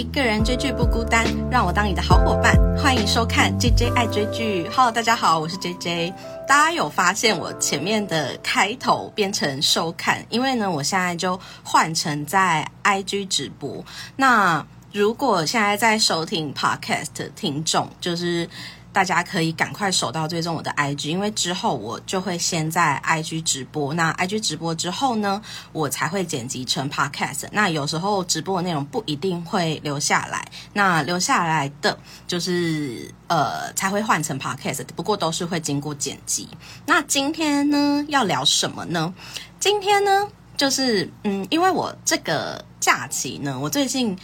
一個人追劇不孤單，讓我當你的好夥伴。歡迎收看 JJ 愛追劇。Hello，大家好，我是 JJ。大家有發現我前面的開頭變成收看？因為呢，我現在就換成在 IG 直播。那如果現在在收聽 podcast 聽眾，就是。大家可以趕快守到追蹤我的 IG，因為之後我就會先在 IG 直播。那 IG 直播之後呢，我才會剪輯成 Podcast。那有時候直播的內容不一定會留下來，那留下來的，就是呃才會換成 Podcast。不過都是會經過剪輯。那今天呢，要聊什麼呢？今天呢，就是嗯，因為我這個假期呢，我最近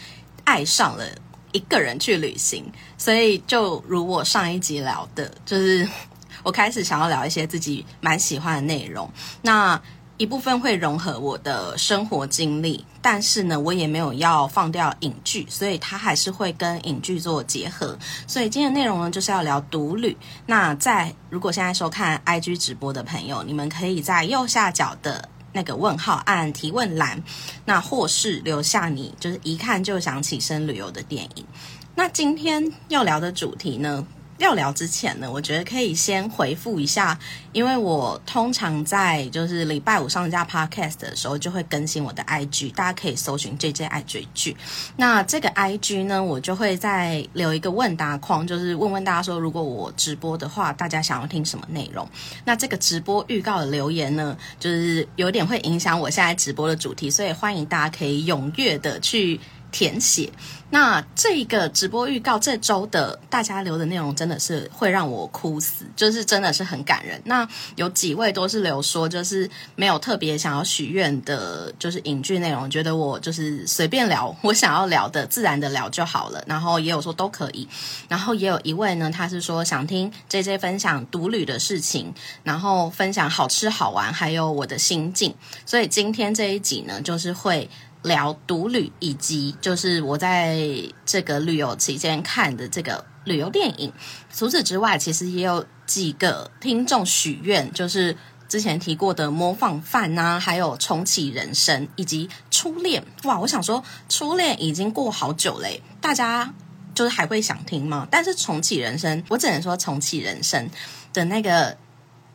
愛上了。一個人去旅行，所以就如我上一集聊的，就是我開始想要聊一些自己蠻喜歡的內容，那一部分會融合我的生活經歷，但是呢，我也沒有要放掉影劇，所以它還是會跟影劇做結合。所以今天的內容呢，就是要聊獨旅。那在如果現在收看 IG 直播的朋友，你們可以在右下角的。那個問號按提問欄，那或是留下你就是一看就想起身旅遊的電影。那今天要聊的主題呢？要聊，聊之前呢，我覺得可以先回復一下，因為我通常在就是禮拜五上架 podcast 的時候，就會更新我的 IG，大家可以搜尋 JJ IG 劇。那這個 IG 呢，我就會再留一個問答框，就是問問大家說，如果我直播的話，大家想要聽什麼內容？那這個直播預告的留言呢，就是有點會影響我現在直播的主題，所以歡迎大家可以踴躍的去。填寫。那這個直播預告，這週的大家留的內容真的是會讓我哭死，就是真的是很感人。那有幾位都是留說，就是沒有特別想要許願的，就是影劇內容，覺得我就是隨便聊，我想要聊的自然的聊就好了。然後也有說都可以。然後也有一位呢，他是說想聽 JJ 分享獨旅的事情，然後分享好吃好玩，還有我的心境。所以今天這一集呢，就是會。聊獨旅，以及就是我在這個旅遊期間看的這個旅遊電影。除此之外，其實也有幾個聽眾許願，就是之前提過的模仿犯啊，還有重啟人生以及初戀。哇，我想說，初戀已經過好久嘞，大家就是還會想聽嗎？但是重啟人生，我只能說重啟人生的那個。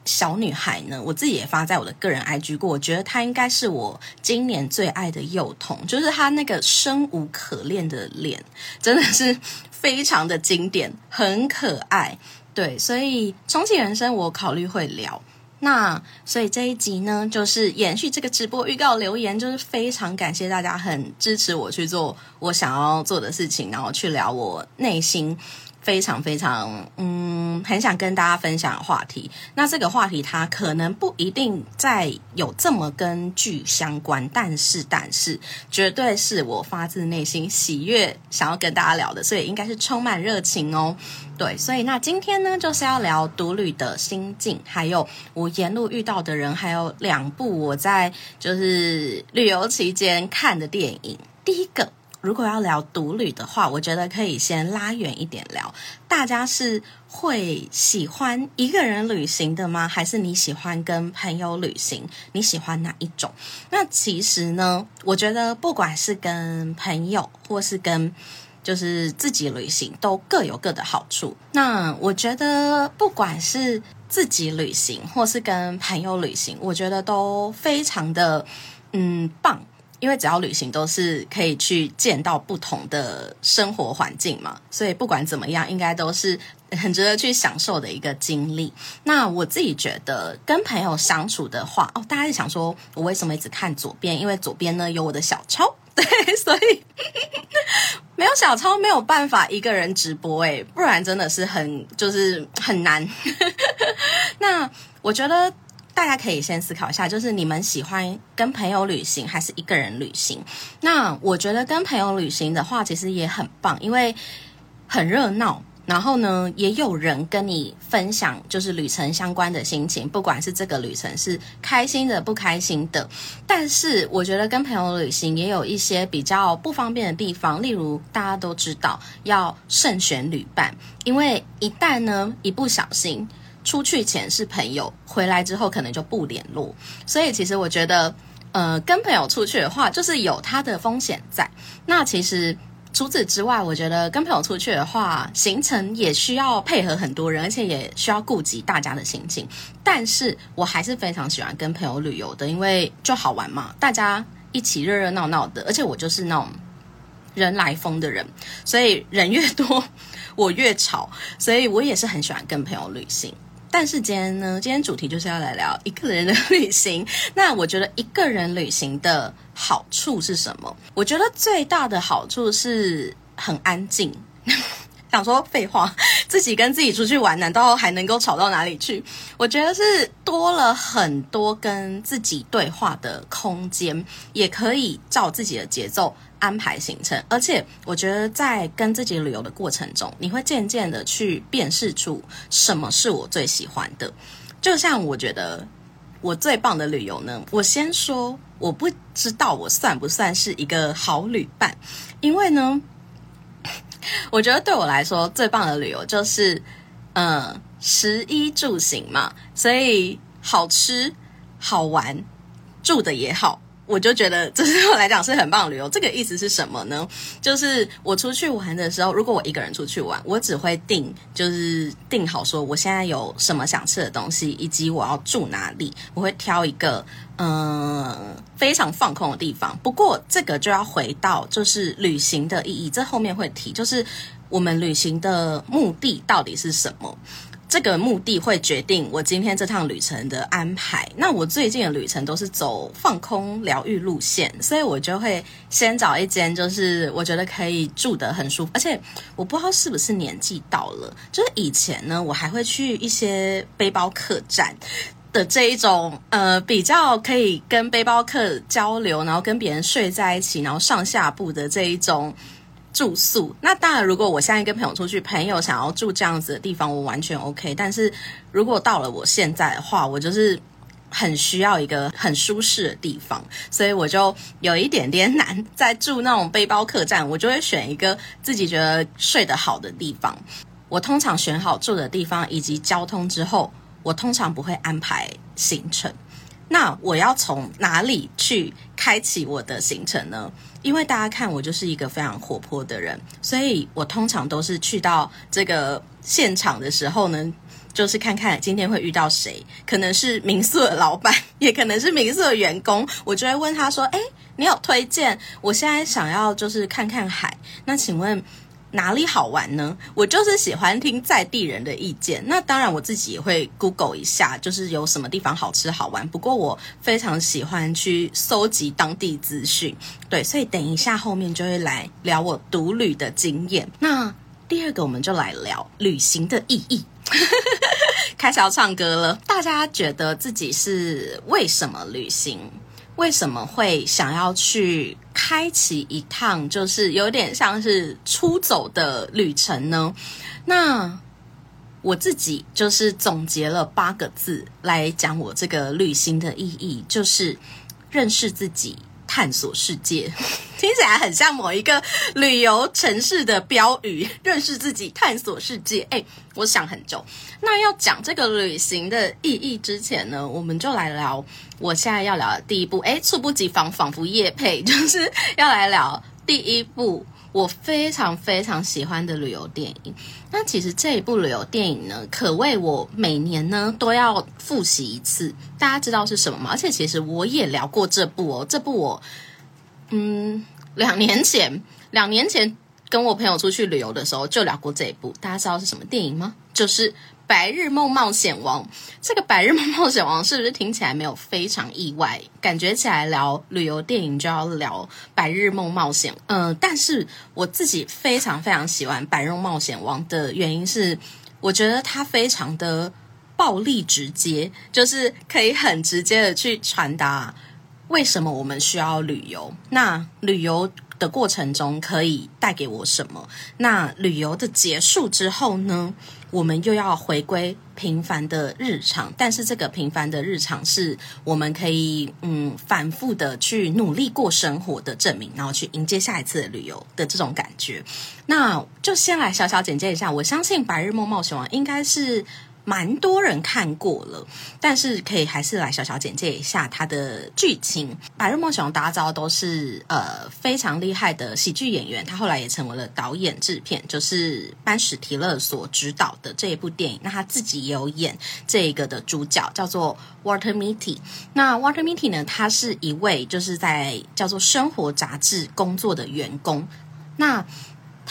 小女孩呢，我自己也發在我的個人 IG 過。我覺得她應該是我今年最愛的幼童，就是她那個生無可戀的臉，真的是非常的經典，很可愛。對，所以重啟人生我考慮會聊。那所以這一集呢，就是延續這個直播預告留言，就是非常感謝大家很支持我去做我想要做的事情，然後去聊我內心。非常非常，嗯，很想跟大家分享的話題。那這個話題它可能不一定在有這麼跟劇相關，但是但是，絕對是我發自內心喜悅想要跟大家聊的，所以應該是充滿熱情哦。對，所以那今天呢，就是要聊獨旅的心境，還有我沿路遇到的人，還有兩部我在就是旅遊期間看的電影。第一個。如果要聊獨旅的話，我覺得可以先拉遠一點聊。大家是會喜歡一個人旅行的嗎？還是你喜歡跟朋友旅行？你喜歡哪一種？那其實呢，我覺得不管是跟朋友，或是跟就是自己旅行，都各有各的好處。那我覺得不管是自己旅行，或是跟朋友旅行，我覺得都非常的嗯棒。因為只要旅行都是可以去見到不同的生活環境嘛，所以不管怎麼樣，應該都是很值得去享受的一個經歷。那我自己覺得跟朋友相處的話，哦，大家想說我為什麼一直看左邊？因為左邊呢有我的小抄，對，所以沒有小抄沒有辦法一個人直播，欸，哎，不然真的是很就是很難。 那我覺得。大家可以先思考一下，就是你們喜歡跟朋友旅行還是一個人旅行？那我覺得跟朋友旅行的話，其實也很棒，因為很熱鬧，然後呢，也有人跟你分享就是旅程相關的心情，不管是這個旅程是開心的、不開心的。但是，我覺得跟朋友旅行也有一些比較不方便的地方，例如大家都知道要慎選旅伴，因為一旦呢一不小心，出去前是朋友，回來之後可能就不聯絡。所以其實我覺得，呃，跟朋友出去的話，就是有它的風險在。那其實除此之外，我覺得跟朋友出去的話，行程也需要配合很多人，而且也需要顧及大家的心情。但是我還是非常喜歡跟朋友旅遊的，因為就好玩嘛，大家一起熱熱鬧鬧的。而且我就是那種人來瘋的人，所以人越多我越吵，所以我也是很喜歡跟朋友旅行。但是今天呢，今天主題就是要來聊一個人的旅行。那我覺得一個人旅行的好處是什麼？我覺得最大的好處是很安靜。想說廢話，自己跟自己出去玩，難道還能夠吵到哪裡去？我覺得是多了很多跟自己對話的空間，也可以照自己的節奏安排行程，而且我覺得在跟自己旅遊的過程中，你會漸漸的去辨識出什麼是我最喜歡的。就像我覺得我最棒的旅遊呢，我先說，我不知道我算不算是一個好旅伴，因為呢，我覺得對我來說最棒的旅遊就是，嗯，食衣住行嘛，所以好吃、好玩、住的也好。我就覺得，就是我來講是很棒的旅遊。這個意思是什麼呢？就是我出去玩的時候，如果我一個人出去玩，我只會定，就是定好說我現在有什麼想吃的東西，以及我要住哪裡。我會挑一個嗯、呃、非常放空的地方。不過這個就要回到就是旅行的意義，這後面會提，就是我們旅行的目的到底是什麼。這個目的會決定我今天這趟旅程的安排。那我最近的旅程都是走放空療癒路線，所以我就會先找一間，就是我覺得可以住得很舒服。而且我不知道是不是年紀到了，就是以前呢，我還會去一些背包客棧的這一種，呃，比較可以跟背包客交流，然後跟別人睡在一起，然後上下鋪的這一種。住宿，那當然，如果我現在跟朋友出去，朋友想要住這樣子的地方，我完全 OK，但是如果到了我現在的話，我就是很需要一個很舒適的地方，所以我就有一點點難在住那種背包客棧。我就會選一個自己覺得睡得好的地方。我通常選好住的地方以及交通之後，我通常不會安排行程。那我要從哪裡去開啟我的行程呢？因為大家看我就是一個非常活潑的人，所以我通常都是去到這個現場的時候呢，就是看看今天會遇到誰，可能是民宿的老闆，也可能是民宿的員工，我就會問他說：“哎，你有推薦？我現在想要就是看看海，那請問。”哪裡好玩呢？我就是喜歡聽在地人的意見。那當然，我自己也會 Google 一下，就是有什麼地方好吃好玩。不過我非常喜歡去蒐集當地資訊。對，所以等一下後面就會來聊我獨旅的經驗。那第二個，我們就來聊旅行的意義。 開始要唱歌了，大家覺得自己是為什麼旅行？為什麼會想要去開啟一趟，就是有點像是出走的旅程呢？那我自己就是總結了八個字來講我這個旅行的意義，就是認識自己，探索世界聽起來很像某一個旅遊城市的標語。認識自己，探索世界。哎，我想很久。那要講這個旅行的意義之前呢，我們就來聊我現在要聊的第一步。哎，猝不及防，仿佛業配，就是要來聊第一步。我非常非常喜歡的旅遊電影，那其實這一部旅遊電影呢，可謂我每年呢都要複習一次。大家知道是什麼嗎？而且其實我也聊過這部哦，這部我、哦，嗯，兩年前，兩年前跟我朋友出去旅遊的時候就聊過這一部。大家知道是什麼電影嗎？就是。《白日夢冒險王》，這個《白日夢冒險王》是不是聽起來沒有非常意外？感覺起來聊旅遊電影就要聊《白日夢冒險》。嗯，但是我自己非常非常喜歡《白日夢冒險王》的原因是，我覺得它非常的暴力直接，就是可以很直接的去傳達。為什麼我們需要旅遊？那旅遊的過程中可以帶給我什麼？那旅遊的結束之後呢？我們又要回歸平凡的日常，但是這個平凡的日常是我們可以嗯反覆的去努力過生活的證明，然後去迎接下一次旅遊的這種感覺。那就先來小小簡介一下，我相信《白日夢冒險王》應該是。蠻多人看過了，但是可以還是來小小簡介一下它的劇情。白日夢想大招都是呃非常厲害的喜劇演員，他後來也成為了導演制片，就是班史提勒所指導的這一部電影。那他自己有演這個的主角，叫做 Walter Mitty 那 Walter Mitty 呢，他是一位就是在叫做生活雜誌工作的員工。那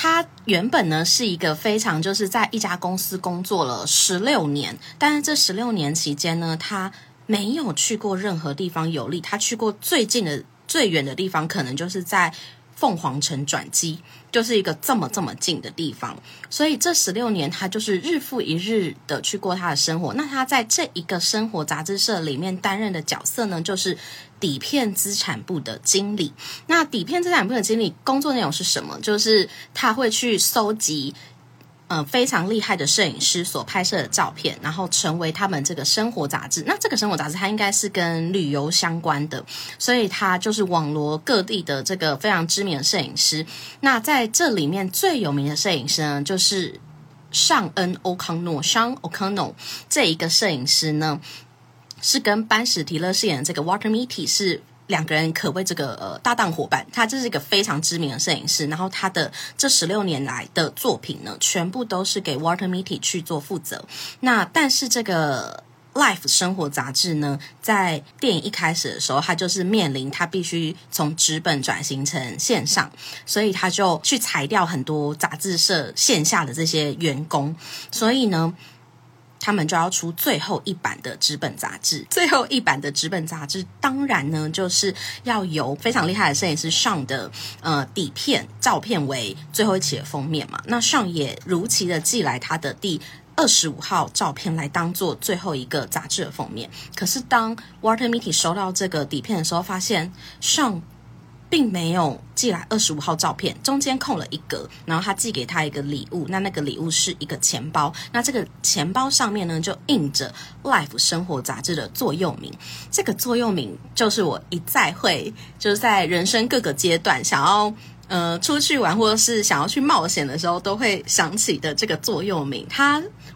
他原本呢是一個非常就是在一家公司工作了十六年，但是這十六年期間呢，他沒有去過任何地方遊歷，他去過最近的最遠的地方，可能就是在鳳凰城轉機。就是一個這麼這麼近的地方，所以這十六年他就是日復一日的去過他的生活。那他在這一個生活雜誌社裡面擔任的角色呢，就是底片資產部的經理。那底片資產部的經理工作內容是什麼？就是他會去搜集，呃，非常厲害的攝影師所拍攝的照片，然後成為他們這個生活雜誌。那這個生活雜誌它應該是跟旅遊相關的，所以它就是網羅各地的這個非常知名的攝影師。那在這裡面最有名的攝影師呢，就是尚恩·歐康諾，尚歐康諾，這一個攝影師呢，是跟班史提勒飾演的這個 Walter Mitty 是。兩個人可謂這個呃搭檔夥伴，他這是一個非常知名的攝影師，然後他的這十六年來的作品呢，全部都是給 Walter Mitty 去做負責。那但是這個 Life 生活雜誌呢，在電影一開始的時候，他就是面臨他必須從紙本轉型成線上，所以他就去裁掉很多雜誌社線下的這些員工，所以呢。他們就要出最後一版的《紙本雜誌》，最後一版的《紙本雜誌》當然呢，就是要由非常厲害的攝影師 Sean 的呃底片照片為最後一期的封面嘛。那 Sean 也如期的寄來他的第二十五號照片來當做最後一個雜誌的封面。可是當 Walter Mitty 收到這個底片的時候，發現 Sean。並沒有寄來二十五號照片，中間空了一格。然後他寄給他一個禮物，那那個禮物是一個錢包。那這個錢包上面呢，就印着《Life》生活雜誌的座右銘。這個座右銘就是我一再會，就是在人生各個階段想要，呃，出去玩，或者是想要去冒險的時候，都會想起的這個座右銘。它。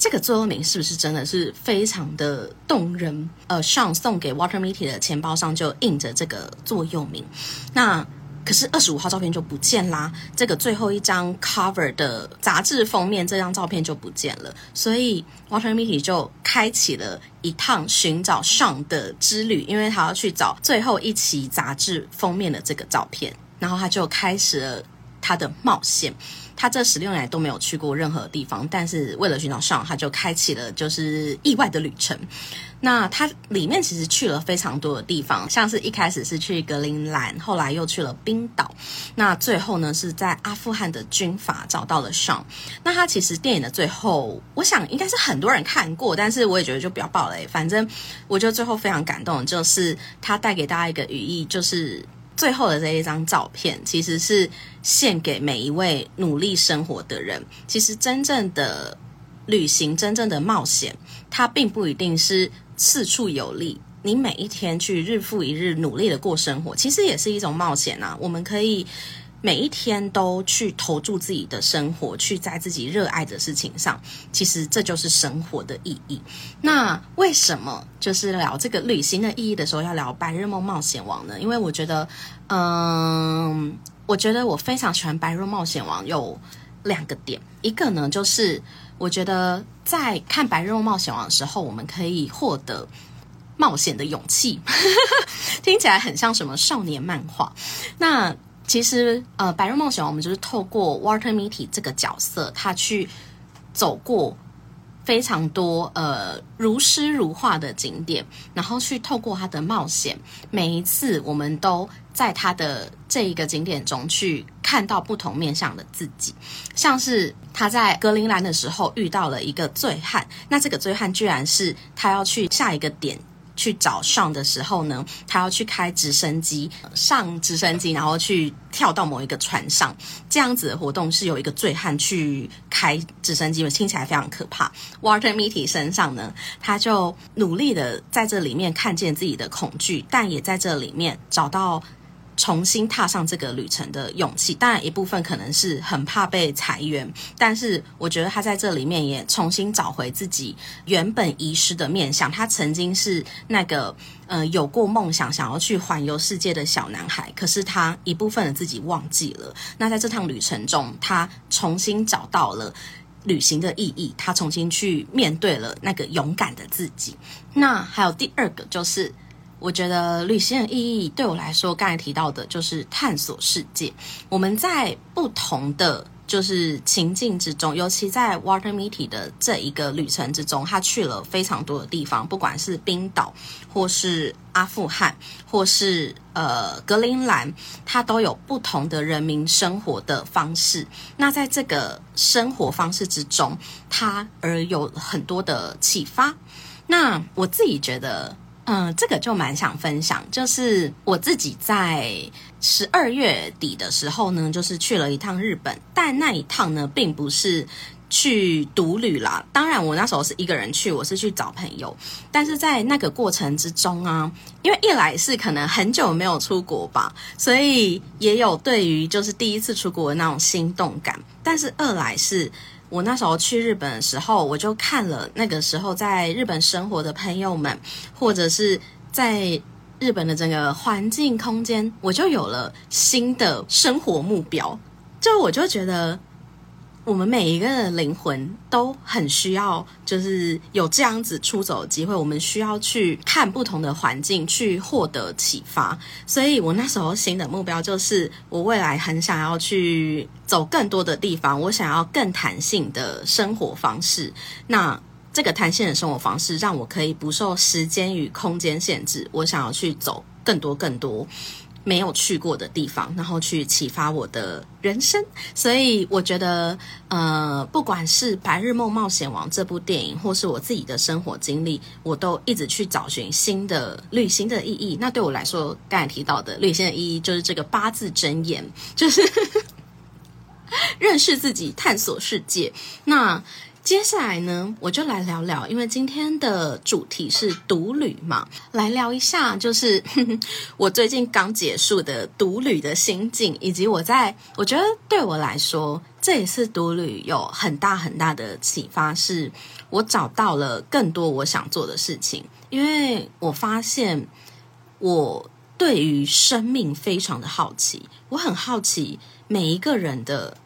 這個座右銘是不是真的是非常的動人？呃，Sean 送給 Walter Mitty 的錢包上就印着這個座右銘。那可是二十五號照片就不見啦，這個最後一張 cover 的雜誌封面這張照片就不見了。所以 Walter Mitty 就開啟了一趟尋找 Sean 的之旅，因為他要去找最後一期雜誌封面的這個照片，然後他就開始了他的冒險。他這十六年來都沒有去過任何地方，但是為了尋找 Sean，他就開啟了就是意外的旅程。那他裡面其實去了非常多的地方，像是一開始是去格陵蘭，後來又去了冰島，那最後呢是在阿富汗的軍閥找到了 Sean。那他其實電影的最後，我想應該是很多人看過，但是我也覺得就不要爆了。反正我覺得最後非常感動，就是他帶給大家一個寓意，就是最後的這一張照片其實是。獻給每一位努力生活的人。其實，真正的旅行，真正的冒險，它並不一定是四處遊歷。你每一天去日復一日努力的過生活，其實也是一種冒險吶、啊。我們可以每一天都去投注自己的生活，去在自己熱愛的事情上。其實，這就是生活的意義。那為什麼就是聊這個旅行的意義的時候要聊《白日夢冒險王》呢？因為我覺得，嗯。我覺得我非常喜歡《白日夢冒險王》，有兩個點。一個呢，就是我覺得在看《白日夢冒險王》的時候，我們可以獲得冒險的勇氣。 聽起來很像什麼少年漫畫。那其實，呃，《白日夢冒險王》我們就是透過 Walter Mitty 這個角色，他去走過非常多呃如詩如畫的景點，然後去透過他的冒險，每一次我們都。在他的這一個景點中去看到不同面向的自己，像是他在格陵蘭的時候遇到了一個醉漢，那這個醉漢居然是他要去下一個點去找上的時候呢，他要去開直升機上直升機，然後去跳到某一個船上，這樣子的活動是由一個醉漢去開直升機，我聽起來非常可怕。Walter Mitty 身上呢，他就努力的在這裡面看見自己的恐懼，但也在這裡面找到。重新踏上這個旅程的勇氣，當然一部分可能是很怕被裁員，但是我覺得他在這裡面也重新找回自己原本遺失的面向。他曾經是那個呃有過夢想想要去環遊世界的小男孩，可是他一部分的自己忘記了。那在這趟旅程中，他重新找到了旅行的意義，他重新去面對了那個勇敢的自己。那還有第二個就是。我覺得旅行的意義對我來說，剛才提到的就是探索世界。我們在不同的就是情境之中，尤其在 Walter Mitty 的這一個旅程之中，他去了非常多的地方，不管是冰島，或是阿富汗，或是呃格陵蘭，它都有不同的人民生活的方式。那在這個生活方式之中，他而有很多的啟發。那我自己覺得。嗯，這個就蠻想分享，就是我自己在十二月底的時候呢，就是去了一趟日本，但那一趟呢，並不是去獨旅啦。當然，我那時候是一個人去，我是去找朋友，但是在那個過程之中啊，因為一來是可能很久沒有出國吧，所以也有對於就是第一次出國的那種心動感，但是二來是。我那時候去日本的時候，我就看了那個時候在日本生活的朋友們，或者是在日本的整個環境空間，我就有了新的生活目標。就我就覺得。我們每一個靈魂都很需要，就是有這樣子出走的機會。我們需要去看不同的環境，去獲得啟發。所以我那時候新的目標就是，我未來很想要去走更多的地方。我想要更彈性的生活方式。那這個彈性的生活方式，讓我可以不受時間與空間限制。我想要去走更多、更多。沒有去過的地方，然後去啟發我的人生，所以我覺得，呃，不管是《白日夢冒險王》這部電影，或是我自己的生活經歷，我都一直去找尋新的旅行的意義。那對我來說，剛才提到的旅行的意義，就是這個八字真言，就是 認識自己，探索世界。那接下來呢，我就來聊聊，因為今天的主題是獨旅嘛，來聊一下，就是呵呵我最近剛結束的獨旅的心境，以及我在我覺得對我來說，這一次獨旅有很大很大的啟發，是我找到了更多我想做的事情，因為我發現我對於生命非常的好奇，我很好奇每一個人的。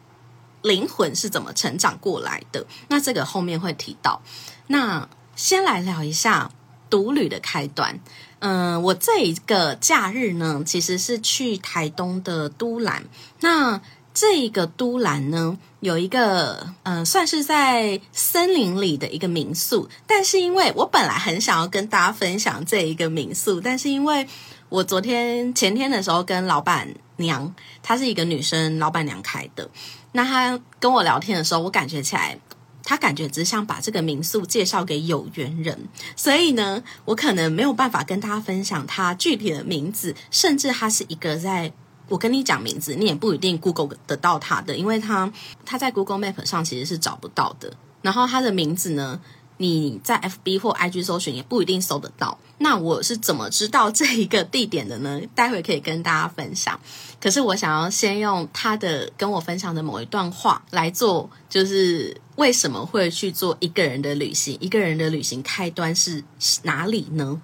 靈魂是怎麼成長過來的？那這個後面會提到。那先來聊一下獨旅的開端。嗯、呃，我這一個假日呢，其實是去台東的都蘭。那這一個都蘭呢，有一個嗯、呃，算是在森林裡的一個民宿。但是因為我本來很想要跟大家分享這一個民宿，但是因為我昨天前天的時候跟老闆娘，她是一個女生，老闆娘開的。那他跟我聊天的時候，我感覺起來，他感覺只想把這個民宿介紹給有緣人，所以呢，我可能沒有辦法跟大家分享他具體的名字，甚至他是一個在我跟你講名字，你也不一定 Google 得到他的，因為他他在 Google Map 上其實是找不到的。然後他的名字呢？你在 FB 或 IG 搜尋也不一定搜得到。那我是怎麼知道這一個地點的呢？待會可以跟大家分享。可是我想要先用他的跟我分享的某一段話來做，就是為什麼會去做一個人的旅行？一個人的旅行開端是哪裡呢？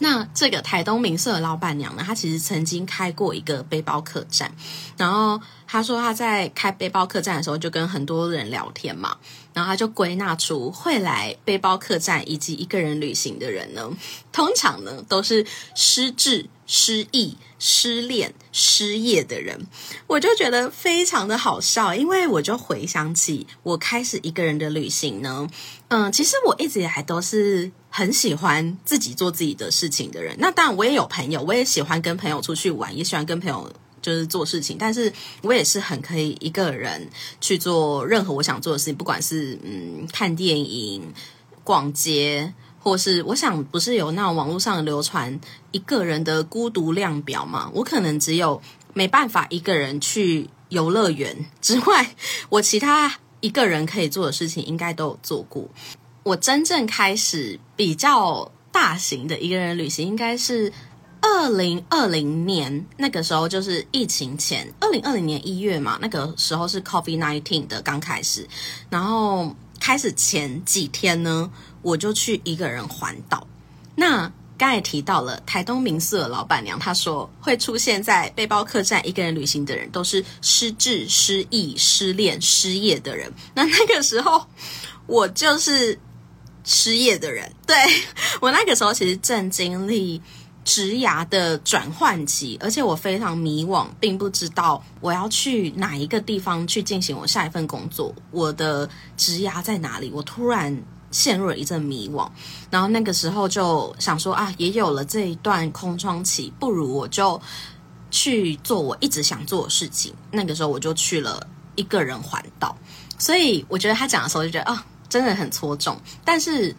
那這個台東民宿的老闆娘呢？她其實曾經開過一個背包客棧。然後她說她在開背包客棧的時候就跟很多人聊天嘛。然後他就歸納出會來背包客棧以及一個人旅行的人呢，通常呢都是失智、失意、失戀、失業的人。我就覺得非常的好笑，因為我就回想起我開始一個人的旅行呢。嗯，其實我一直也還都是很喜歡自己做自己的事情的人。那當然我也有朋友，我也喜歡跟朋友出去玩，也喜歡跟朋友。就是做事情，但是我也是很可以一個人去做任何我想做的事情，不管是嗯看電影、逛街，或是我想不是有那種網絡上流傳一個人的孤獨量表嘛？我可能只有沒辦法一個人去遊樂園之外，我其他一個人可以做的事情應該都有做過。我真正開始比較大型的一個人旅行，應該是。二零二零年，那個時候就是疫情前，二零二零年一月嘛，那個時候是 COVID nineteen 的剛開始。然後開始前幾天呢，我就去一個人環島。那剛才提到了台東民宿的老闆娘，她說會出現在背包客棧一個人旅行的人都是失智、失意、失戀、失業的人。那那個時候我就是失業的人，對，我那個時候其實正經歷。職涯的轉換期，而且我非常迷惘，並不知道我要去哪一個地方去進行我下一份工作。我的職涯在哪裡？我突然陷入了一陣迷惘，然後那個時候就想說啊，也有了這一段空窗期，不如我就去做我一直想做的事情。那個時候我就去了一個人環島，所以我覺得他講的時候就覺得啊、哦，真的很戳中，但是。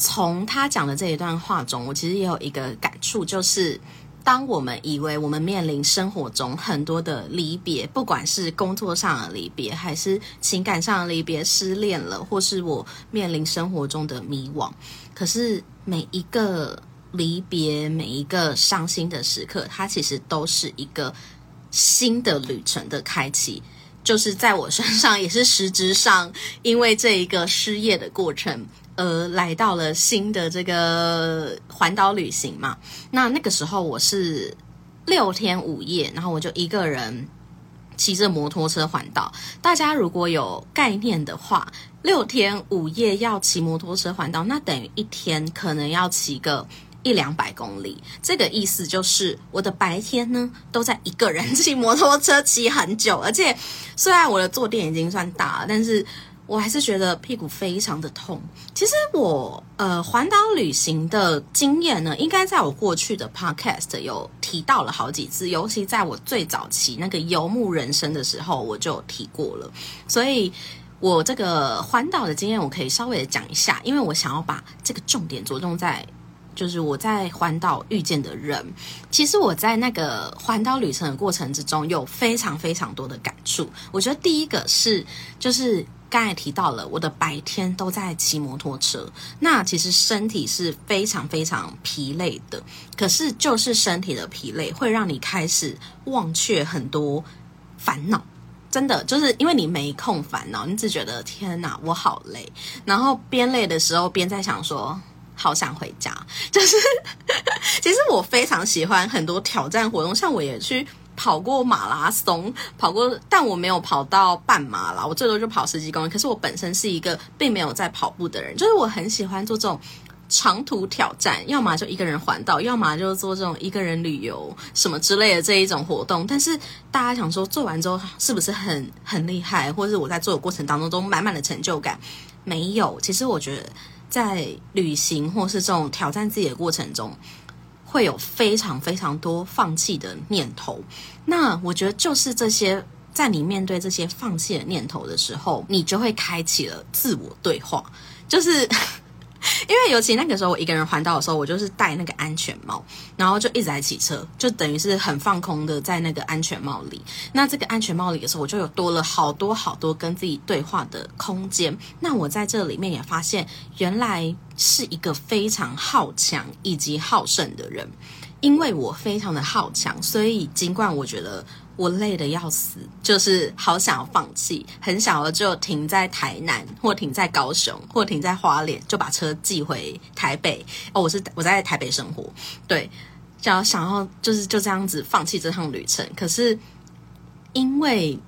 從他講的這一段話中，我其實也有一個感觸，就是當我們以為我們面臨生活中很多的離別，不管是工作上的離別，還是情感上的離別，失戀了，或是我面臨生活中的迷惘，可是每一個離別，每一個傷心的時刻，它其實都是一個新的旅程的開啟。就是在我身上，也是實質上，因為這一個失業的過程。呃，來到了新的這個環島旅行嘛。那那個時候我是六天五夜，然後我就一個人騎着摩托車環島。大家如果有概念的話，六天五夜要騎摩托車環島，那等於一天可能要騎個一兩百公里。這個意思就是，我的白天呢都在一個人騎摩托車騎很久，而且雖然我的坐墊已經算大了，但是我還是覺得屁股非常的痛。其實我呃環島旅行的經驗呢，應該在我過去的 podcast 有提到了好幾次，尤其在我最早期那個游牧人生的時候，我就有提過了。所以，我這個環島的經驗，我可以稍微的講一下，因為我想要把這個重點着重在，就是我在環島遇見的人。其實我在那個環島旅程的過程之中，有非常非常多的感觸。我覺得第一個是，就是。剛才提到了，我的白天都在騎摩托車，那其實身體是非常非常疲累的。可是，就是身體的疲累會讓你開始忘卻很多煩惱，真的，就是因為你沒空煩惱，你只覺得天哪，我好累。然後邊累的時候邊在想說，好想回家。就是，其實我非常喜歡很多挑戰活動，像我也去。跑過馬拉松，跑過，但我沒有跑到半馬啦。我最多就跑十幾公里。可是我本身是一個並沒有在跑步的人，就是我很喜歡做這種長途挑戰，要麼就一個人環島，要麼就做這種一個人旅遊什麼之類的這一種活動。但是大家想說做完之後是不是很很厲害，或是我在做的過程當中都滿滿的成就感？沒有。其實我覺得在旅行或是這種挑戰自己的過程中，會有非常非常多放棄的念頭，那我覺得就是這些，在你面對這些放棄的念頭的時候，你就會開啟了自我對話，就是。因為尤其那個時候我一個人環島的時候，我就是戴那個安全帽，然後就一直在騎車，就等於是很放空的在那個安全帽裡。那這個安全帽裡的時候，我就有多了好多好多跟自己對話的空間。那我在這裡面也發現，原來是一個非常好強以及好勝的人，因為我非常的好強，所以儘管我覺得。我累得要死，就是好想要放棄，很想要就停在台南，或停在高雄，或停在花蓮，就把車寄回台北。哦，我是我在台北生活，對，想要想要就是就這樣子放棄這趟旅程。可是因為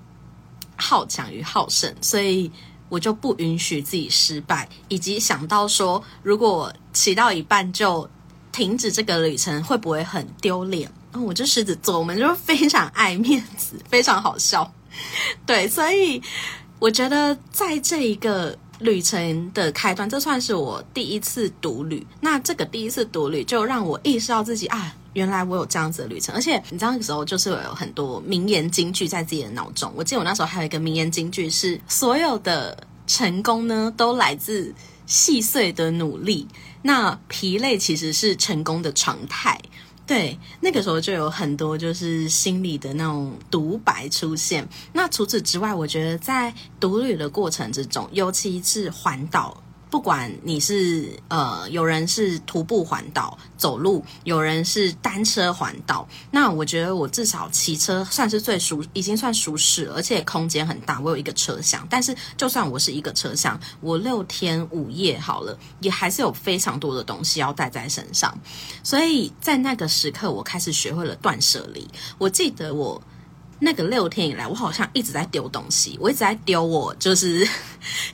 好強與好勝，所以我就不允許自己失敗，以及想到說，如果騎到一半就停止這個旅程，會不會很丟臉？哦，我是獅子座，我們就非常愛面子，非常好笑，對，所以我覺得在這一個旅程的開端，這算是我第一次獨旅。那這個第一次獨旅，就讓我意識到自己啊，原來我有這樣子的旅程。而且你知道那時候，就是有很多名言警句在自己的腦中。我記得我那時候還有一個名言警句是：所有的成功呢，都來自細碎的努力。那疲累其實是成功的常態。對，那個時候就有很多就是心裡的那種獨白出現。那除此之外，我覺得在獨旅的過程之中，尤其是環島。不管你是呃，有人是徒步環島走路，有人是單車環島，那我覺得我至少騎車算是最舒，已經算舒適，而且空間很大，我有一個車廂。但是就算我是一個車廂，我六天五夜好了，也還是有非常多的東西要帶在身上。所以在那個時刻，我開始學會了斷舍離。我記得我。那個六天以來，我好像一直在丟東西，我一直在丟我就是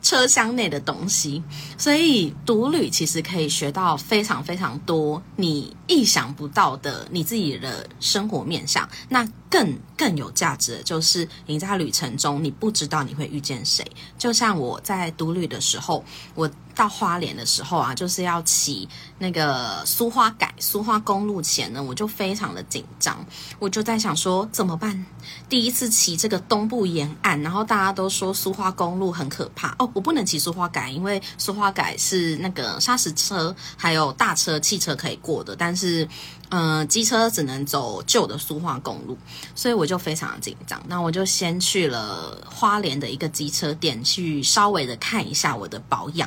車廂內的東西。所以獨旅其實可以學到非常非常多你意想不到的你自己的生活面向。那更更有價值的就是你在旅程中你不知道你會遇見誰。就像我在獨旅的時候，我到花蓮的時候啊，就是要騎那個蘇花改蘇花公路前呢，我就非常的緊張，我就在想說怎麼辦？第一次騎這個東部沿岸，然後大家都說蘇花公路很可怕哦。我不能騎蘇花改，因為蘇花改是那個砂石車還有大車、汽車可以過的，但是，嗯、呃，機車只能走舊的蘇花公路，所以我就非常的緊張。那我就先去了花蓮的一個機車店，去稍微的看一下我的保養，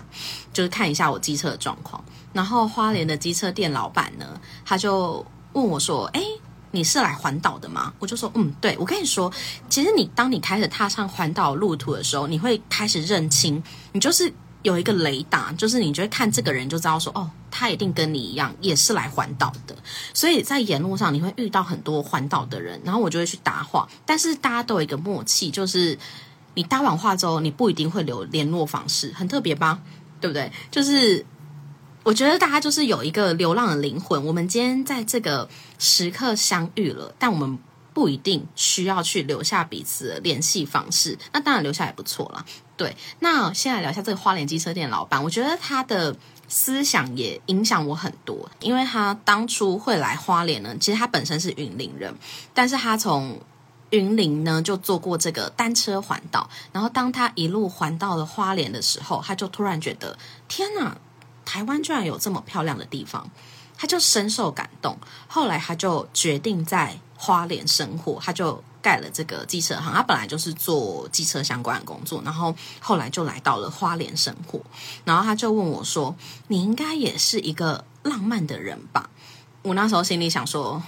就是看一下我機車的狀況。然後花蓮的機車店老闆呢，他就問我說：“哎、欸。”你是來環島的嗎？我就說，嗯，對。我跟你說，其實你當你開始踏上環島路途的時候，你會開始認清，你就是有一個雷達，就是你就會看這個人就知道說，哦，他一定跟你一樣也是來環島的。所以在沿路上你會遇到很多環島的人，然後我就會去搭話。但是大家都有一個默契，就是你搭完話之後，你不一定會留聯絡方式，很特別吧？對不對？就是。我覺得大家就是有一個流浪的靈魂，我們今天在這個時刻相遇了，但我們不一定需要去留下彼此的聯繫方式。那當然留下也不錯啦。對，那先來聊一下這個花蓮機車店老板，我覺得他的思想也影響我很多，因為他當初會來花蓮呢，其實他本身是雲林人，但是他從雲林呢就做過這個單車環島，然後當他一路環到了花蓮的時候，他就突然覺得，天哪！台灣居然有這麼漂亮的地方，他就深受感動。後來他就決定在花蓮生活，他就蓋了這個機車行。他本來就是做機車相關的工作，然後後來就來到了花蓮生活。然後他就問我說：“你應該也是一個浪漫的人吧？”我那時候心裡想說，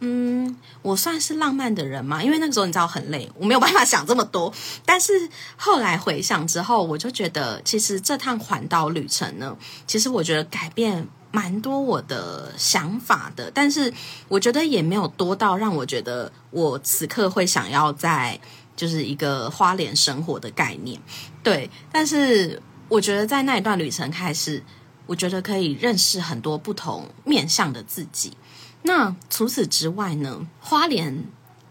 嗯，我算是浪漫的人嘛因為那個時候你知道很累，我沒有辦法想這麼多。但是後來回想之後，我就覺得其實這趟環島旅程呢，其實我覺得改變蠻多我的想法的。但是我覺得也沒有多到讓我覺得我此刻會想要在就是一個花蓮生活的概念。對，但是我覺得在那一段旅程開始，我覺得可以認識很多不同面向的自己。那除此之外呢，花蓮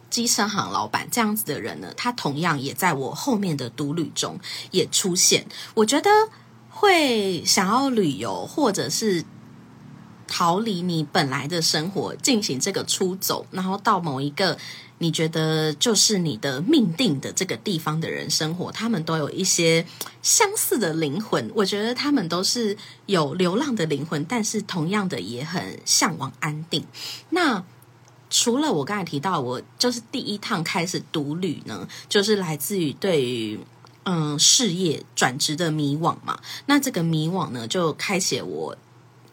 機車行老闆這樣子的人呢，他同樣也在我後面的獨旅中也出現。我覺得會想要旅遊，或者是逃離你本來的生活，進行這個出走，然後到某一個。你覺得就是你的命定的這個地方的人生活，他們都有一些相似的靈魂。我覺得他們都是有流浪的靈魂，但是同樣的也很嚮往安定。那除了我剛才提到，我就是第一趟開始獨旅呢，就是來自於對於嗯事業轉職的迷惘嘛。那這個迷惘呢，就開啟我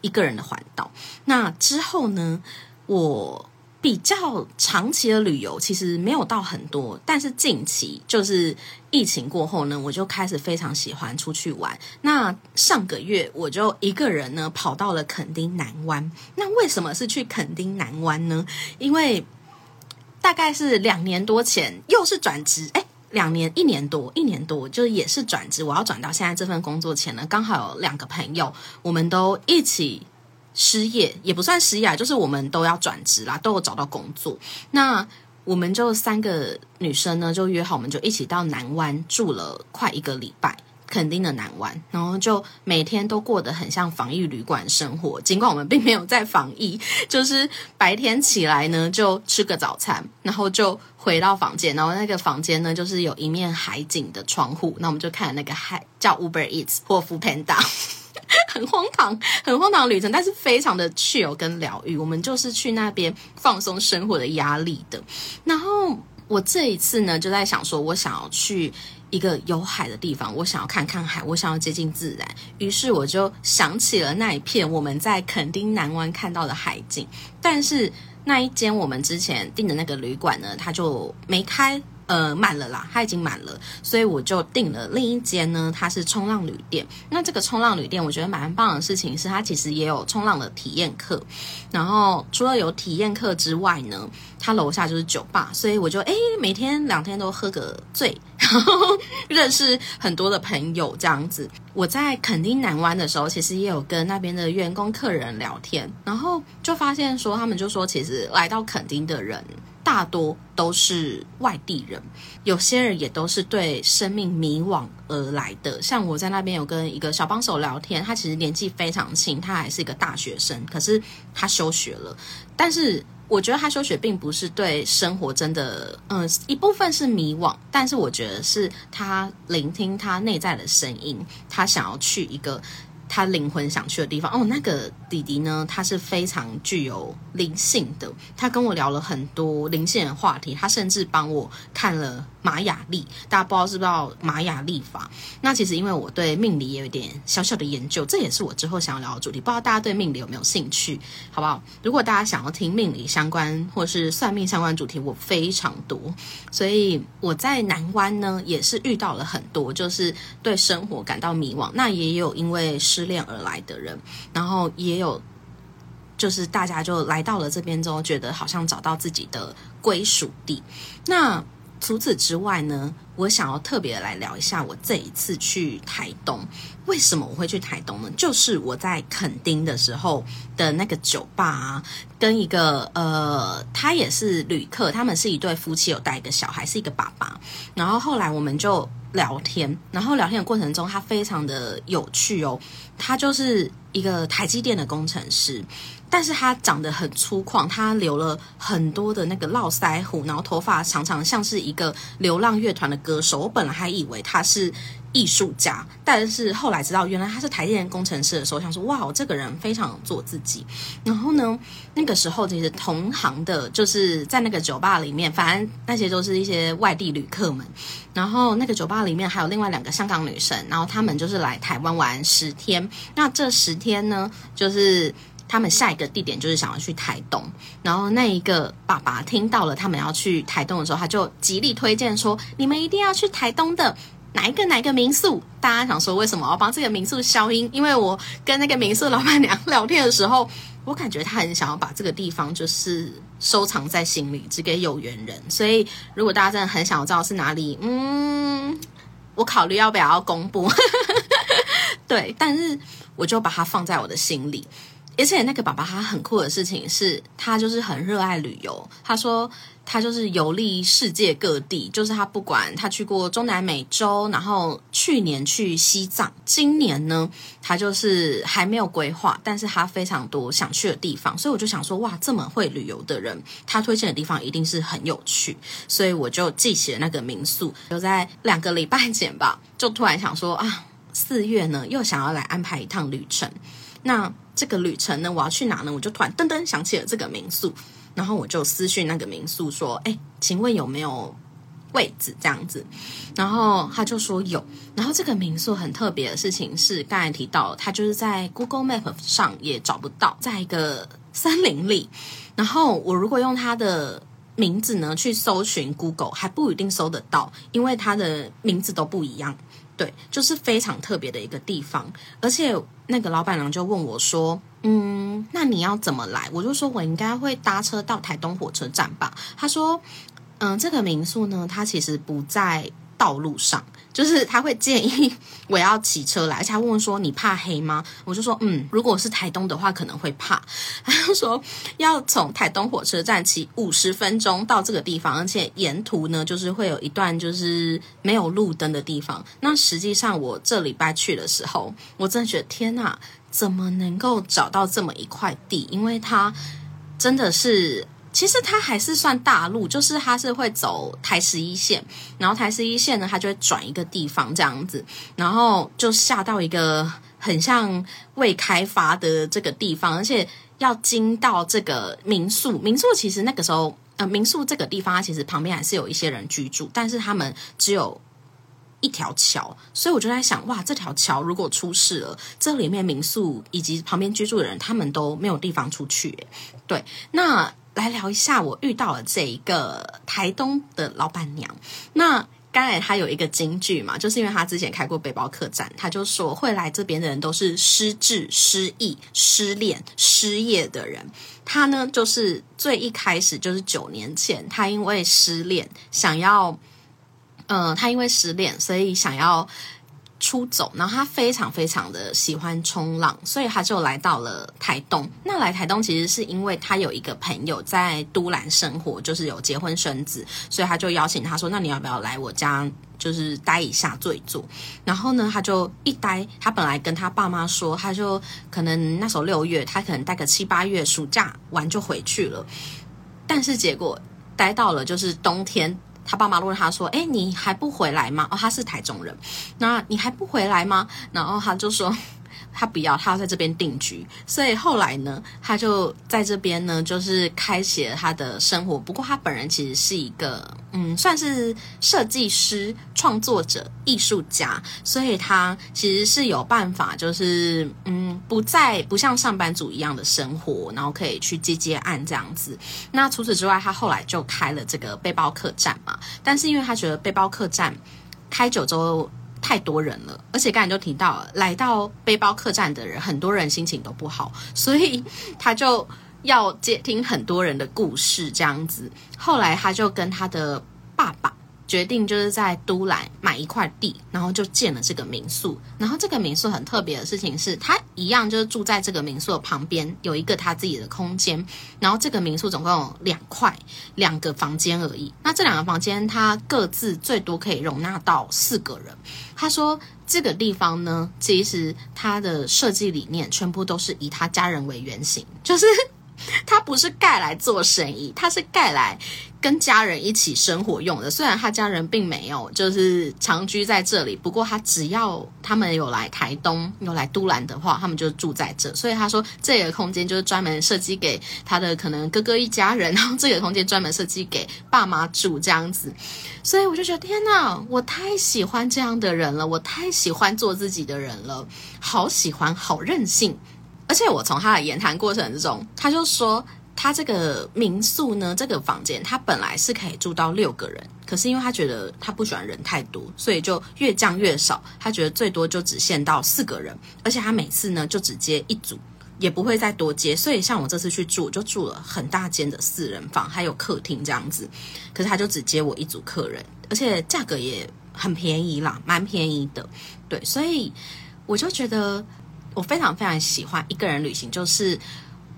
一個人的環島。那之後呢，我。比較長期的旅遊其實沒有到很多，但是近期就是疫情過後呢，我就開始非常喜歡出去玩。那上個月我就一個人呢，跑到了墾丁南灣。那為什麼是去墾丁南灣呢？因為大概是兩年多前，又是轉職，哎、欸，兩年，一年多，一年多，就是也是轉職，我要轉到現在這份工作前呢，剛好有兩個朋友，我們都一起。失業啊，也不算失業，就是我們都要轉職啦，都有找到工作。那我們就三個女生呢，就約好，我們就一起到南灣住了快一個禮拜，墾丁的南灣。然後就每天都過得很像防疫旅館生活，儘管我們並沒有在防疫。就是白天起來呢，就吃個早餐，然後就回到房間。然後那個房間呢，就是有一面海景的窗戶，那我們就看了那個海，叫 Uber Eats 或 Food Panda 很荒唐，很荒唐的旅程，但是非常的 chill 跟療癒。我們就是去那邊放鬆生活的壓力的。然後我這一次呢，就在想說，我想要去一個有海的地方，我想要看看海，我想要接近自然。於是我就想起了那一片我們在墾丁南灣看到的海景。但是那一間我們之前訂的那個旅館呢，它就沒開。呃，滿了啦，他已經滿了，所以我就訂了另一間呢。它是衝浪旅店，那這個衝浪旅店我覺得蠻棒的事情是，它其實也有衝浪的體驗課。然後除了有體驗課之外呢，它樓下就是酒吧，所以我就誒，每天兩天都喝個醉，然後認識很多的朋友這樣子。我在墾丁南灣的時候，其實也有跟那邊的員工客人聊天，然後就發現說他們就說，其實來到墾丁的人。大多都是外地人，有些人也都是對生命迷惘而來的。像我在那邊有跟一個小幫手聊天，他其實年紀非常輕，他還是一個大學生，可是他休學了。但是我覺得他休學並不是對生活真的，嗯、呃，一部分是迷惘，但是我覺得是他聆聽他內在的聲音，他想要去一個。他靈魂想去的地方哦，那個弟弟呢？他是非常具有靈性的。他跟我聊了很多靈性的話題，他甚至幫我看了瑪雅曆。大家不知道是不是知道瑪雅曆法？那其實因為我對命理也有點小小的研究，這也是我之後想要聊的主題。不知道大家對命理有沒有興趣？好不好？如果大家想要聽命理相關或是算命相關主題，我非常多。所以我在南灣呢，也是遇到了很多，就是對生活感到迷惘。那也有因為是。失戀而來的人，然後也有就是大家就來到了這邊之後，覺得好像找到自己的歸屬地。那除此之外呢，我想要特別來聊一下我這一次去台東。為什麼我會去台東呢？就是我在墾丁的時候的那個酒吧啊，跟一個呃，他也是旅客，他們是一對夫妻，有帶一個小孩，是一個爸爸。然後後來我們就聊天，然後聊天的過程中，他非常的有趣哦。他就是一個台積電的工程師，但是他長得很粗獷，他留了很多的那個絡腮鬍，然後頭髮長長，像是一個流浪樂團的歌手。我本來還以為他是。藝術家，但是後來知道原來他是台電工程師的時候，想說哇，我這個人非常有做自己。然後呢，那個時候其實同行的，就是在那個酒吧裡面，反正那些都是一些外地旅客們。然後那個酒吧裡面還有另外兩個香港女生，然後他們就是來台灣玩十天。那這十天呢，就是他們下一個地點就是想要去台東。然後那一個爸爸聽到了他們要去台東的時候，他就極力推薦說：“你們一定要去台東的。”哪一個哪一個民宿？大家想說為什麼我要幫這個民宿消音？因為我跟那個民宿老闆娘聊天的時候，我感覺她很想要把這個地方就是收藏在心裡，只給有緣人。所以如果大家真的很想知道是哪裡，嗯，我考慮要不要要公布。 對，但是我就把它放在我的心裡。而且那個爸爸他很酷的事情是，他就是很熱愛旅遊。他說。他就是遊歷世界各地，就是他不管他去過中南美洲，然後去年去西藏，今年呢，他就是還沒有規劃，但是他非常多想去的地方，所以我就想說，哇，這麼會旅遊的人，他推薦的地方一定是很有趣，所以我就記起了那個民宿，就在兩個禮拜前吧，就突然想說啊，四月呢又想要來安排一趟旅程，那這個旅程呢，我要去哪呢？我就突然噔噔想起了這個民宿。然後我就私訊那個民宿說：“哎，請問有沒有位置這樣子？”然後他就說有。然後這個民宿很特別的事情是，剛才提到它就是在 Google Map 上也找不到，在一個森林裡。然後我如果用它的名字呢去搜尋 Google，還不一定搜得到，因為它的名字都不一樣。對，就是非常特別的一個地方，而且。那個老闆娘就問我說：“嗯，那你要怎麼來？”我就說：“我應該會搭車到台東火車站吧。”她說：“嗯，這個民宿呢，它其實不在。”道路上，就是他會建議我要騎車來，他問，問說，你怕黑嗎？我就說嗯，如果是台東的話，可能會怕。他就說要從台東火車站騎五十分鐘到這個地方，而且沿途呢，就是會有一段就是沒有路燈的地方。那實際上我這禮拜去的時候，我真的覺得天哪，怎麼能夠找到這麼一塊地？因為它真的是。其實他還是算大陸，就是他是會走台十一線，然後台十一線呢，他就會轉一個地方這樣子，然後就下到一個很像未開發的這個地方，而且要經到這個民宿。民宿其實那個時候，呃，民宿這個地方其實旁邊還是有一些人居住，但是他們只有一條橋，所以我就在想，哇，這條橋如果出事了，這裡面民宿以及旁邊居住的人，他們都沒有地方出去。對，那。來聊一下，我遇到了這一個台東的老板娘。那剛才她有一個金句嘛，就是因為她之前開過背包客棧，她就說會來這邊的人都是失智、失意、失戀、失業的人。她呢，就是最一開始就是九年前，她因為失戀，想要，呃，她因為失戀，所以想要，出走，然後他非常非常的喜歡衝浪，所以他就來到了台東。那來台東其實是因為他有一個朋友在都蘭生活，就是有結婚生子，所以他就邀請他說：“那你要不要來我家，就是待一下坐一坐？”然後呢，他就一待，他本來跟他爸媽說，他就可能那時候六月，他可能待個七八月，暑假完就回去了。但是結果待到了就是冬天。他爸媽問他說：“哎、欸，你還不回來嗎？”哦，他是台中人，那你還不回來嗎？然後他就說。他不要，他要在這邊定居，所以後來呢，他就在這邊呢，就是開啟了他的生活。不過他本人其實是一個，嗯，算是設計師、創作者、藝術家，所以他其實是有辦法，就是嗯，不在不像上班族一樣的生活，然後可以去接接案這樣子。那除此之外，他後來就開了這個背包客棧嘛，但是因為他覺得背包客棧開久之後。太多人了，而且剛才就提到了，來到背包客棧的人，很多人心情都不好，所以他就要接聽很多人的故事這樣子。後來他就跟他的爸爸。決定就是在都蘭買一塊地，然後就建了這個民宿。然後這個民宿很特別的事情是，他一樣就是住在這個民宿的旁邊，有一個他自己的空間。然後這個民宿總共有兩塊、兩個房間而已。那這兩個房間，它各自最多可以容納到四個人。他說這個地方呢，其實他的設計理念全部都是以他家人為原型，就是。他不是蓋來做生意，他是蓋來跟家人一起生活用的。雖然他家人並沒有，就是長居在這裡，不過他只要他們有來台東、有來都蘭的話，他們就住在這。所以他說，這個空間就是專門設計給他的可能哥哥一家人，然後這個空間專門設計給爸媽住這樣子。所以我就覺得，天哪，我太喜歡這樣的人了，我太喜歡做自己的人了，好喜歡，好任性。而且，我從他的言談過程中，他就說他這個民宿呢，這個房間他本來是可以住到六個人，可是因為他覺得他不喜歡人太多，所以就越降越少。他覺得最多就只限到四個人，而且他每次呢就只接一組，也不會再多接。所以像我這次去住，就住了很大間的四人房，還有客廳這樣子。可是他就只接我一組客人，而且價格也很便宜啦，蠻便宜的。對，所以我就覺得。我非常非常喜歡一個人旅行，就是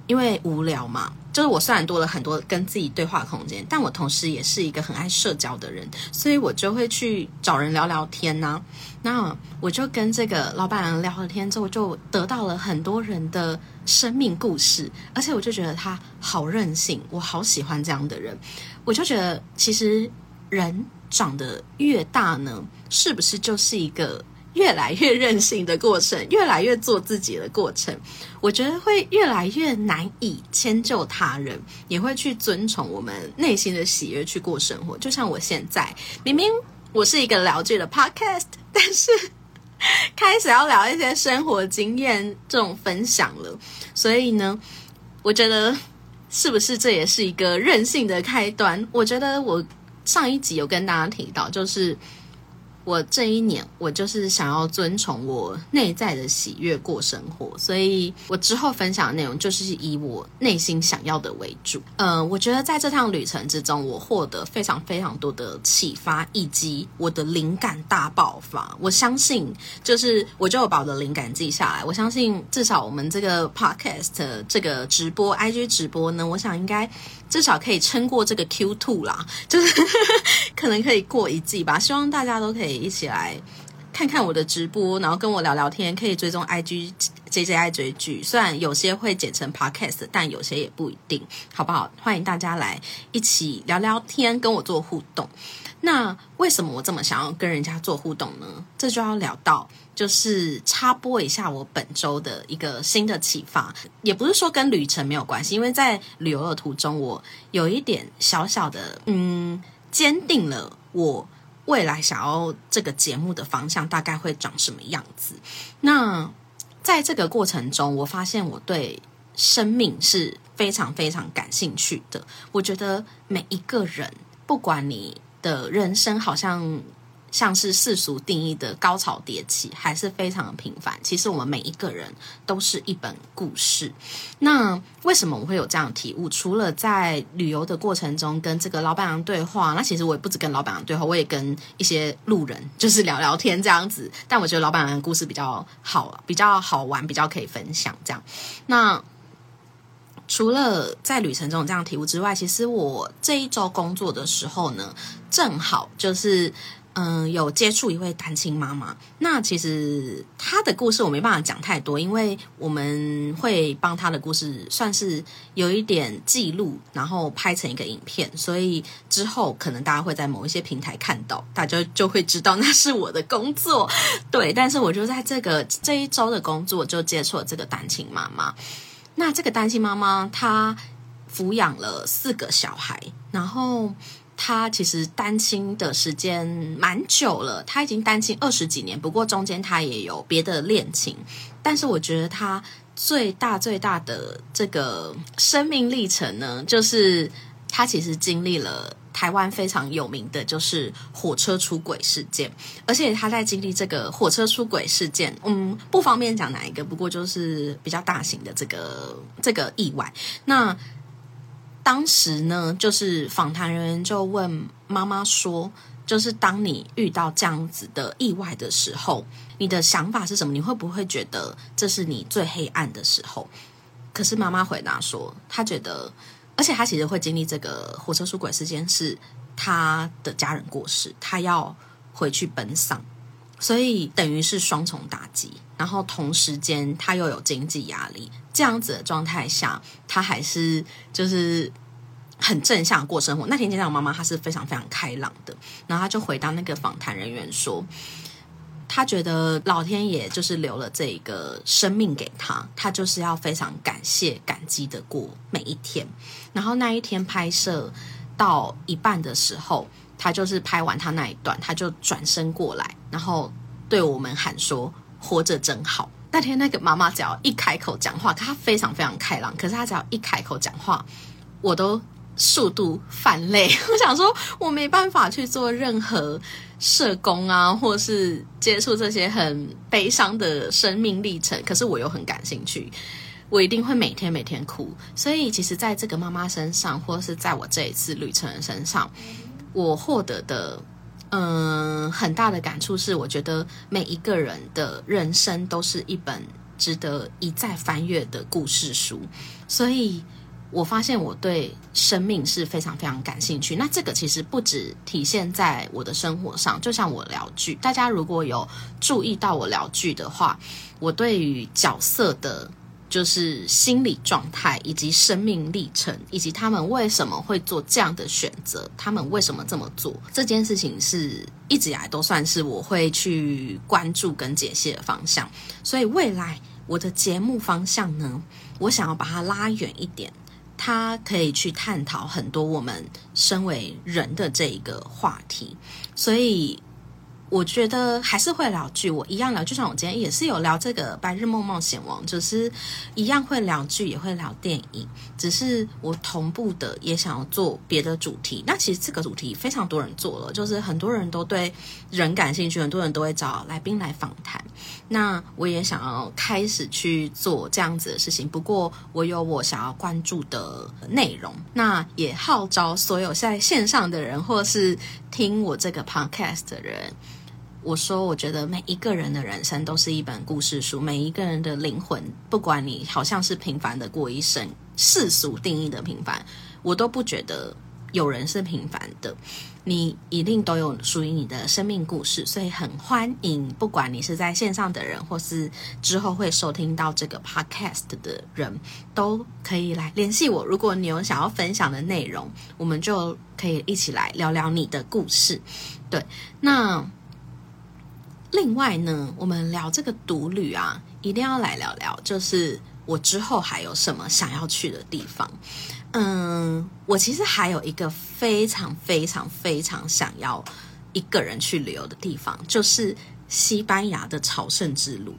因為無聊嘛。就是我雖然多了很多跟自己對話空間，但我同時也是一個很愛社交的人，所以我就會去找人聊聊天吶、啊。那我就跟這個老闆聊了天之後，就得到了很多人的生命故事，而且我就覺得他好任性，我好喜歡這樣的人。我就覺得其實人長得越大呢，是不是就是一個？越來越任性的過程，越來越做自己的過程，我覺得會越來越難以遷就他人，也會去遵從我們內心的喜悅去過生活。就像我現在，明明我是一個聊劇的 podcast，但是開始要聊一些生活經驗這種分享了，所以呢，我覺得是不是這也是一個任性的開端？我覺得我上一集有跟大家提到，就是。我這一年，我就是想要遵從我內在的喜悅過生活，所以我之後分享的內容就是以我內心想要的為主。呃，我覺得在這趟旅程之中，我獲得非常非常多的啟發，以及我的靈感大爆發。我相信，就是我就有把我的靈感記下來。我相信，至少我們這個 podcast 這個直播 IG 直播呢，我想應該。至少可以撐過這個 Q2 啦，就是可能可以過一季吧。希望大家都可以一起來看看我的直播，然後跟我聊聊天，可以追蹤 IG JJ 愛追劇，雖然有些會剪成 Podcast，但有些也不一定，好不好？歡迎大家來一起聊聊天，跟我做互動。那為什麼我這麼想要跟人家做互動呢？這就要聊到。就是插播一下我本周的一個新的啟發，也不是說跟旅程沒有關係，因為在旅遊的途中，我有一點小小的嗯，堅定了我未來想要這個節目的方向大概會長什麼樣子。那在這個過程中，我發現我對生命是非常非常感興趣的。我覺得每一個人，不管你的人生好像……像是世俗定義的高潮迭起，還是非常的平凡。其實我們每一個人都是一本故事。那為什麼我會有這樣的體悟？除了在旅遊的過程中跟這個老闆娘對話，那其實我也不只跟老闆娘對話，我也跟一些路人就是聊聊天這樣子。但我覺得老闆娘的故事比較好，比較好玩，比較可以分享這樣。那除了在旅程中這樣的體悟之外，其實我這一周工作的時候呢，正好就是。嗯，有接觸一位單親媽媽。那其實她的故事我沒辦法講太多，因為我們會幫她的故事算是有一點記錄，然後拍成一個影片，所以之後可能大家會在某一些平台看到，大家就，就會知道那是我的工作。對，但是我就在這個這一周的工作，就接觸了這個單親媽媽。那這個單親媽媽她撫養了四個小孩，然後。他其實單親的時間蠻久了，他已經單親二十幾年。不過中間他也有別的戀情，但是我覺得他最大最大的這個生命歷程呢，就是他其實經歷了台灣非常有名的，就是火車出軌事件。而且他在經歷這個火車出軌事件，嗯，不方便講哪一個，不過就是比較大型的這個這個意外。那。當時呢，就是訪談人員就問媽媽說：“就是當你遇到這樣子的意外的時候，你的想法是什麼？你會不會覺得這是你最黑暗的時候？”可是媽媽回答說：“她覺得，而且她其實會經歷這個火車出軌事件是她的家人過世，她要回去奔喪，所以等於是雙重打擊。”然後同時間，他又有經濟壓力，這樣子的狀態下，他還是就是很正向過生活。那天，見到我媽媽她是非常非常開朗的，然後她就回答那個訪談人員說，他覺得老天爺就是留了這個生命給他，他就是要非常感謝感激的過每一天。然後那一天拍攝到一半的時候，他就是拍完他那一段，他就轉身過來，然後對我們喊說。活着真好。那天那個媽媽只要一開口講話，可她非常非常開朗。可是她只要一開口講話，我都數度泛淚。我想說，我沒辦法去做任何社工啊，或是接觸這些很悲傷的生命歷程。可是我又很感興趣，我一定會每天每天哭。所以，其實，在這個媽媽身上，或者是在我這一次旅程的身上，我獲得的。嗯，很大的感觸是，我覺得每一個人的人生都是一本值得一再翻閱的故事書，所以我發現我對生命是非常非常感興趣。那這個其實不止體現在我的生活上，就像我聊劇，大家如果有注意到我聊劇的話，我對於角色的。就是心理狀態，以及生命歷程，以及他們為什麼會做這樣的選擇，他們為什麼這麼做？這件事情是一直以來都算是我會去關注跟解析的方向。所以未來我的節目方向呢，我想要把它拉遠一點，它可以去探討很多我們身為人的這一個話題。所以。我覺得還是會聊劇，我一樣聊，就像我今天也是有聊這個《白日夢冒險王》，就是一樣會聊劇，也會聊電影。只是我同步的也想要做別的主題。那其實這個主題非常多人做了，就是很多人都對人感興趣，很多人都會找來賓來訪談。那我也想要開始去做這樣子的事情。不過我有我想要關注的內容，那也號召所有在線上的人，或是聽我這個 Podcast 的人。我說，我覺得每一個人的人生都是一本故事書，每一個人的靈魂，不管你好像是平凡的過一生，世俗定義的平凡，我都不覺得有人是平凡的。你一定都有屬於你的生命故事，所以很歡迎，不管你是在線上的人，或是之後會收聽到這個 podcast 的人，都可以來聯繫我。如果你有想要分享的內容，我們就可以一起來聊聊你的故事。對，那。另外呢，我們聊這個獨旅啊，一定要來聊聊，就是我之後還有什麼想要去的地方。嗯，我其實還有一個非常非常非常想要一個人去旅遊的地方，就是西班牙的朝聖之路。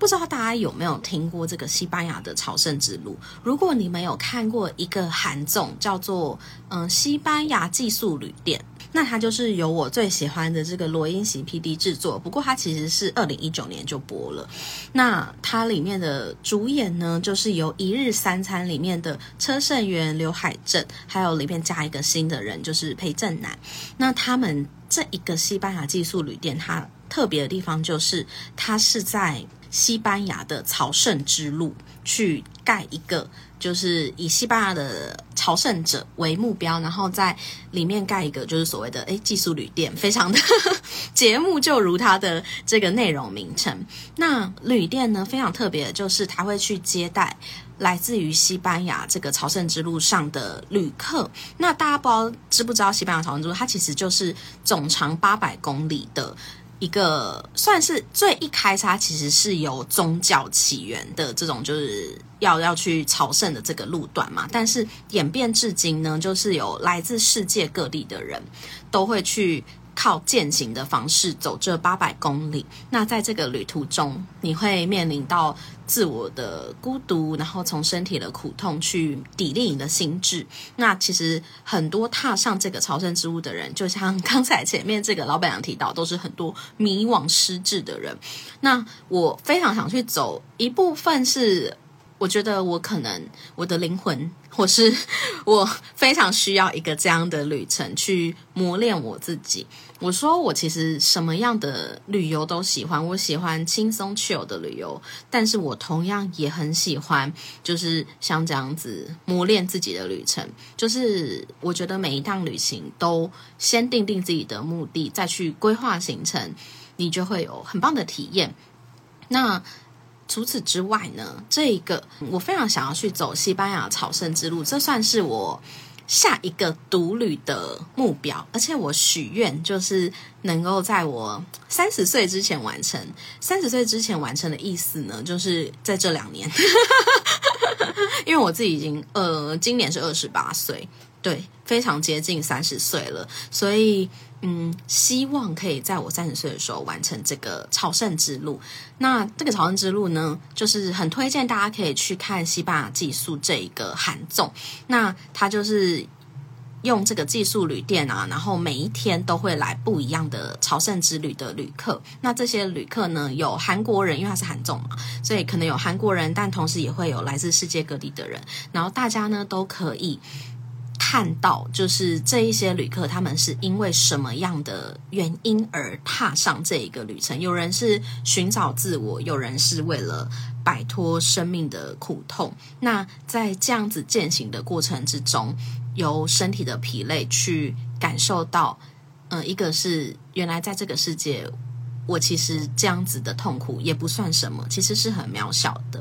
不知道大家有沒有聽過這個西班牙的朝聖之路？如果你們有看過一個韓綜，叫做“嗯、呃，西班牙寄宿旅店”，那它就是由我最喜歡的這個羅英錫 PD 製作。不過它其實是二零一九年就播了。那它裡面的主演呢，就是由《一日三餐》裡面的車勝元、劉海鎮，還有裡面加一個新的人，就是裴正南。那他們這一個西班牙寄宿旅店，它特別的地方就是它是在。西班牙的朝聖之路，去蓋一個，就是以西班牙的朝聖者為目標，然後在裡面蓋一個，就是所謂的誒寄宿旅店，非常的呵呵節目就如它的這個內容名稱。那旅店呢，非常特別的，就是他會去接待來自於西班牙這個朝聖之路上的旅客。那大家不知道知不知道西班牙朝聖之路？它其實就是總長八百公里的。一個算是最一開始，它其實是由宗教起源的這種，就是要要去朝聖的這個路段嘛。但是演變至今呢，就是有來自世界各地的人都會去靠健行的方式走這八百公里。那在這個旅途中，你會面臨到。自我的孤獨，然後從身體的苦痛去砥礪你的心智。那其實很多踏上這個朝聖之路的人，就像剛才前面這個老闆娘提到，都是很多迷惘失智的人。那我非常想去走一部分，是我覺得我可能我的靈魂，或是我非常需要一個這樣的旅程去磨練我自己。我說，我其實什麼樣的旅遊都喜歡，我喜歡輕鬆 chill 的旅遊，但是我同樣也很喜歡，就是像這樣子磨練自己的旅程。就是我覺得每一趟旅行都先定定自己的目的，再去規劃行程，你就會有很棒的體驗。那除此之外呢？這一個我非常想要去走西班牙朝聖之路，這算是我下一個獨旅的目標，而且我許願就是能夠在我三十歲之前完成。三十歲之前完成的意思呢，就是在這兩年， 因為我自己已經呃，今年是二十八歲，對，非常接近三十歲了，所以。嗯，希望可以在我三十歲的時候完成這個朝聖之路。那這個朝聖之路呢，就是很推薦大家可以去看西班牙寄宿這一個韓綜，那他就是用這個寄宿旅店啊，然後每一天都會來不一樣的朝聖之旅的旅客。那這些旅客呢，有韓國人，因為他是韓綜嘛，所以可能有韓國人，但同時也會有來自世界各地的人。然後大家呢，都可以。看到就是這一些旅客，他們是因為什麼樣的原因而踏上這一個旅程？有人是尋找自我，有人是為了擺脫生命的苦痛。那在這樣子踐行的過程之中，由身體的疲累去感受到，嗯、呃，一個是原來在這個世界，我其實這樣子的痛苦也不算什麼，其實是很渺小的。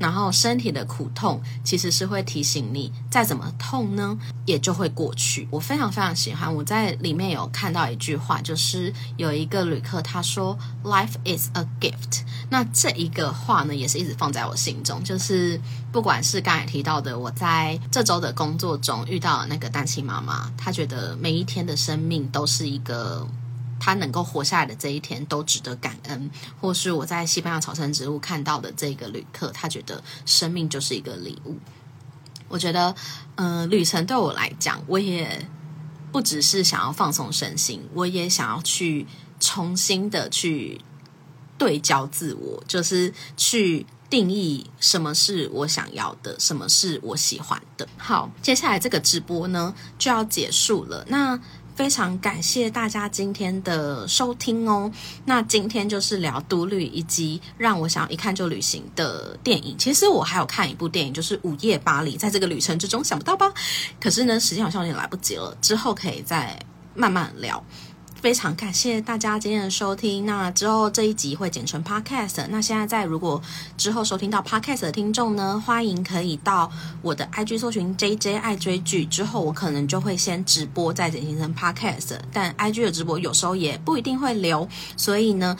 然後身體的苦痛其實是會提醒你，再怎麼痛呢，也就會過去。我非常非常喜歡，我在裡面有看到一句話，就是有一個旅客他說，"Life is a gift"。那這一個話呢，也是一直放在我心中。就是不管是剛才提到的，我在這周的工作中遇到那個單親媽媽，她覺得每一天的生命都是一個。他能夠活下來的這一天都值得感恩，或是我在西班牙朝聖之路看到的這個旅客，他覺得生命就是一個禮物。我覺得，呃，旅程對我來講，我也不只是想要放鬆身心，我也想要去重新的去對焦自我，就是去定義什麼是我想要的，什麼是我喜歡的。好，接下來這個直播呢就要結束了，那。非常感謝大家今天的收聽哦。那今天就是聊獨旅，以及讓我想要一看就旅行的電影。其實我還有看一部電影，就是《午夜巴黎》。在這個旅程之中，想不到吧？可是呢，時間好像有點來不及了，之後可以再慢慢聊。非常感謝大家今天的收聽。那之後這一集會剪成 podcast。那現在在，如果之後收聽到 podcast 的聽眾呢，歡迎可以到我的 IG 搜尋 J J 愛追劇。之後我可能就會先直播，再剪成 podcast。但 IG 的直播有時候也不一定會留，所以呢，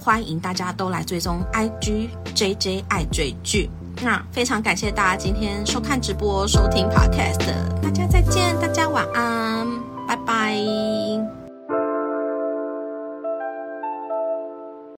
歡迎大家都來追蹤 IG J J 愛追劇。那非常感謝大家今天收看直播、收聽 podcast。大家再見，大家晚安，拜拜。